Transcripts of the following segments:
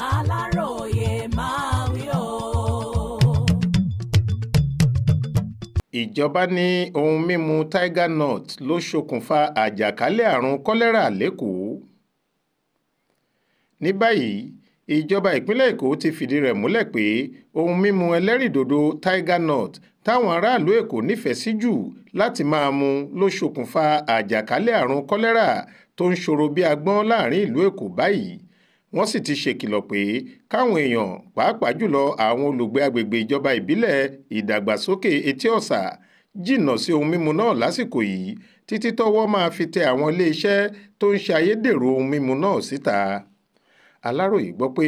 aláròye máa wí o. ìjọba ní ohun mímu tiger nut ló ṣokùnfà àjàkálẹ̀ àrùn kọ́lẹ́rà lẹ́kọ̀ọ́ ní báyìí ìjọba ìpínlẹ̀ èkó ti fìdí rẹ̀ múlẹ̀ pé ohun mímu ẹlẹ́rìndòdò tiger nut táwọn aráàlú èkó nífẹ̀ẹ́ sí jù láti máa mu ló ṣokùnfà àjàkálẹ̀ àrùn kọ́lẹ́rà tó ń ṣòro bí agbọ́n láàrin ìlú èkó báyìí wọ́n sì ti ṣèkìlọ̀ pé káwọn èèyàn pàápàá jùlọ àwọn olùgbé agbègbè ìjọba ìbílẹ̀ ìdàgbàsókè etí ọ̀sà jìnnà sí ohun mímu náà lásìkò yìí títí tọ́wọ́ máa fi tẹ àwọn iléeṣẹ́ tó ń ṣe ayédèrú ohun mímu náà síta. Aláròyé gbọ́ pé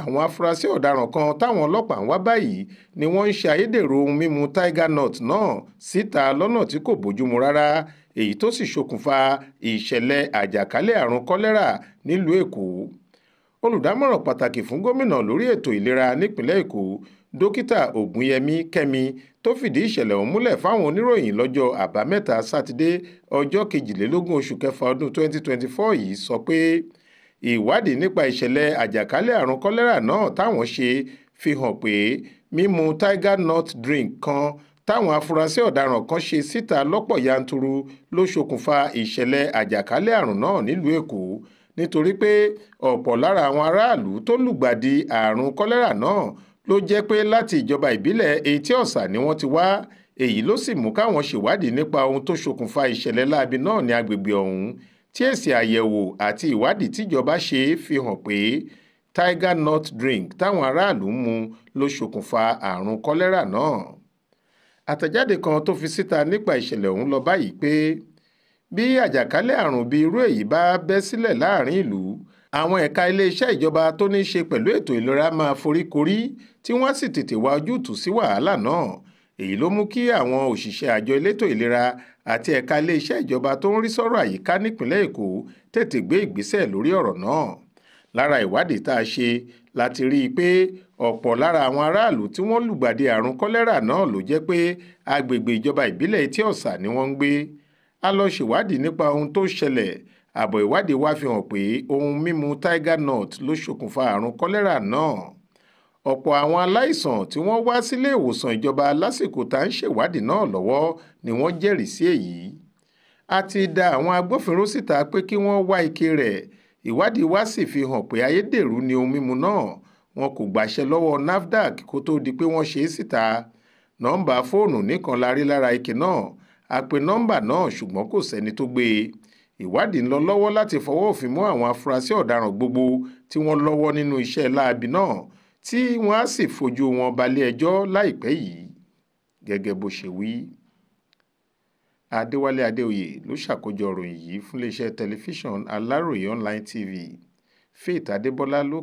àwọn afurasí ọ̀daràn kan táwọn ọlọ́pàá ń wá báyìí ni wọ́n ń ṣe ayédèrú ohun mímu tiger nut náà síta lọ́nà tí kò bójúmu rárá èyí tó sì ṣokùnfà ìṣẹ̀lẹ̀ àjàkálẹ̀ àrùn kọ́lẹ́rà nílùú Èkó olùdámọ̀ràn pàtàkì fún gómìnà lórí ètò ìlera nípìnlẹ̀ èkó dókítà ògúnyẹmí kẹ́mi tó fìdí ìṣẹ̀lẹ̀ ọ̀hún múlẹ̀ fáwọn oníròyìn lọ́jọ́ àbámẹ́ta sátidé ọjọ́ kejìlélógún oṣù kẹfà ọdún 2024 yìí sọ pé ìwádìí nípa ìṣẹ̀lẹ̀ àjàkálẹ̀ àrùn kọ́lẹ́rà náà táwọn ṣe fi hàn pé mímu tiger nut drink kan táwọn afurasí ọ̀daràn kan ṣe síta lọ́pọ̀ yanturu ló ṣokùnfà ìṣẹ̀lẹ̀ àjàkálẹ̀ àrùn náà nílùú èkó nítorí pé ọ̀pọ̀ lára àwọn aráàlú tó lùgbàdì àrùn kọ́lẹ́rà náà ló jẹ́ pé láti ìjọba ìbílẹ̀ Etí Ọ̀sà ni wọ́n ti wá èyí ló sì mú káwọn ṣèwádìí nípa ohun tó ṣokùnfà ìṣẹ̀lẹ̀ láabi náà ní agbègbè ọ̀hún tí èsì àyẹ̀wò àti ìwádìí tíjọba ṣe fi hàn pé tiger nut drink táwọn aráàlú ń mu ló ṣokùnfà àrùn kọ́lẹ́rà náà àtẹ̀jáde kan tó fi síta nípa ìṣẹ̀lẹ̀ ọ̀hún lọ báyìí pé bí àjàkálẹ̀ àrùn bíi irú èyí bá bẹ́ sílẹ̀ láàrin ìlú àwọn ẹ̀ka iléeṣẹ́ ìjọba tó ní í ṣe pẹ̀lú ètò ìlera máa foríkorí tí wọ́n sì tètè wá ojútùú sí wàhálà náà èyí ló mú kí àwọn òṣìṣẹ́ àjọ elétò ìlera àti ẹ̀ka iléeṣẹ́ ìjọba tó ń rí sọ́rọ̀ àyíká nípìnlẹ̀ Èkó tètè gbé ìgbésẹ̀ lórí ọ̀rọ̀ náà lára ìwádìí tá a ṣe la ti rí i pé ọ̀pọ̀ lára àwọn aráàlú tí wọ́n lùgbàdì àrùn kọ́lẹ́rà náà ló jẹ́ pé agbègbè ìjọba ìbílẹ̀ Etí Ọ̀sà ni wọ́n ń gbé a lọ ṣèwádìí nípa ohun tó ṣẹlẹ̀ àbọ̀ ìwádìí wa fi hàn pé ohun mímu tiger nut ló ṣokùnfà àrùn kọ́lẹ́rà náà ọ̀pọ̀ àwọn aláìsàn tí wọ́n wá sílé ìwòsàn ìjọba lásìkò tá ń ṣèwádìí náà lọ́wọ́ ni wọ́n jẹ́rìí sí èyí a ti da àwọn agbófinró síta pé kí wọ́n wá ike rẹ̀ ìwádìí wa sì fi hàn pé ayédèrú ni ohun mímu náà wọn kò gbàṣẹ lọ́wọ́ NAFDAC kó tóó di pé wọ́n ṣe é síta nọ́mbà fóònù nìkan la rí lára ike náà a pe nọ́mbà náà ṣùgbọ́n kò sẹ́ni tó gbé e ìwádìí ń lọ lọ́wọ́ láti fọwọ́ òfin mú àwọn afurasí ọ̀daràn gbogbo tí wọ́n lọ́wọ́ nínú iṣẹ́ láabi náà tí wọ́n á sì fojú wọn balẹ̀-ẹjọ́ láìpẹ́ yìí gẹ́gẹ́ bó ṣe wí. Adéwálé Adéoyè ló ṣàkójọ ìròyìn yìí fún iléeṣẹ́ tẹlifíṣàn Aláròye online TV Faith Adébọ́lá ló